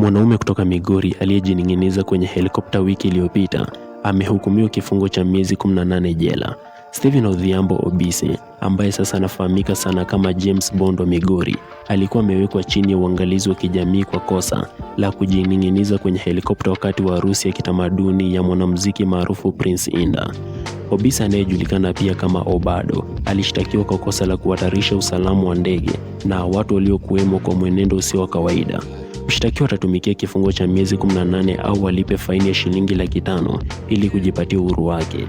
Mwanaume kutoka Migori aliyejining'iniza kwenye helikopta wiki iliyopita amehukumiwa kifungo cha miezi 18 jela. Stephen Odhiambo Obise ambaye sasa anafahamika sana kama James Bond wa Migori alikuwa amewekwa chini ya uangalizi wa kijamii kwa kosa la kujining'iniza kwenye helikopta wakati wa harusi ya kitamaduni ya mwanamuziki maarufu Prince inda Obise anayejulikana pia kama Obado alishtakiwa kwa kosa la kuhatarisha usalama wa ndege na watu waliokuwemo kwa mwenendo usio wa kawaida. Mshtakiwa atatumikia kifungo cha miezi 18 au walipe faini ya shilingi laki tano ili kujipatia uhuru wake.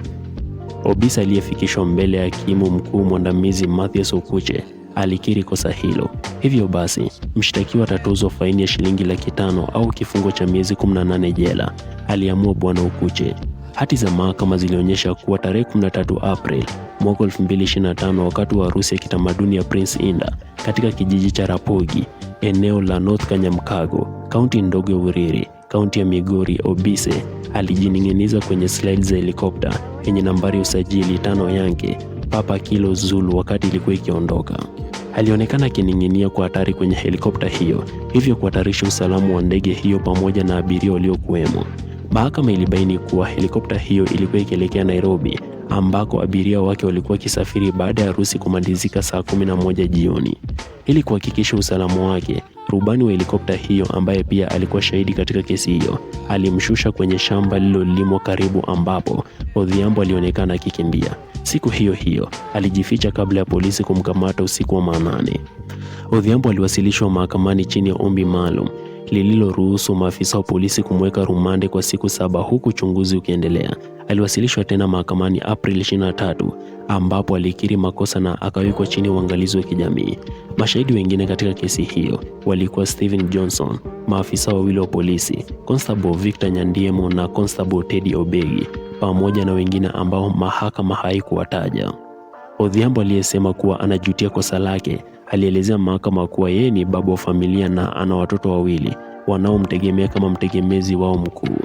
Obis aliyefikishwa mbele ya hakimu mkuu mwandamizi Mathias Okuche alikiri kosa hilo. Hivyo basi, mshtakiwa atatozwa faini ya shilingi laki tano au kifungo cha miezi 18 jela, aliamua Bwana Okuche. Hati za mahakama zilionyesha kuwa tarehe 13 April mwaka 2025, wakati wa harusi ya kitamaduni ya Prince Inda katika kijiji cha Rapogi eneo la North Kanyamkago, kaunti ndogo ya Uriri, kaunti ya Migori, Obise alijining'iniza kwenye slide za helikopta yenye nambari ya usajili tano yake Papa Kilo Zulu wakati ilikuwa ikiondoka. Alionekana akining'inia kwa hatari kwenye helikopta hiyo, hivyo kuhatarisha usalama wa ndege hiyo pamoja na abiria waliokuwemo. Mahakama ilibaini kuwa helikopta hiyo ilikuwa ikielekea Nairobi ambako abiria wake walikuwa wakisafiri baada ya harusi kumalizika saa moja jioni. Ili kuhakikisha usalama wake, rubani wa helikopta hiyo ambaye pia alikuwa shahidi katika kesi hiyo, alimshusha kwenye shamba lililolimwa karibu ambapo Odhiambo alionekana akikimbia. Siku hiyo hiyo, alijificha kabla ya polisi kumkamata usiku wa manane. Odhiambo aliwasilishwa mahakamani chini ya ombi maalum lililoruhusu maafisa wa polisi kumweka rumande kwa siku saba huku uchunguzi ukiendelea. Aliwasilishwa tena mahakamani Aprili 23 ambapo alikiri makosa na akawekwa chini ya uangalizi wa kijamii. Mashahidi wengine katika kesi hiyo walikuwa Steven Johnson, maafisa wawili wa polisi, Constable Victor Nyandiemo na Constable Teddy Obegi pamoja na wengine ambao mahakama haikuwataja. Odhiambo aliyesema kuwa anajutia kosa lake Alielezea mahakama kuwa yeye ni baba wa familia na ana watoto wawili wanaomtegemea kama mtegemezi wao mkuu.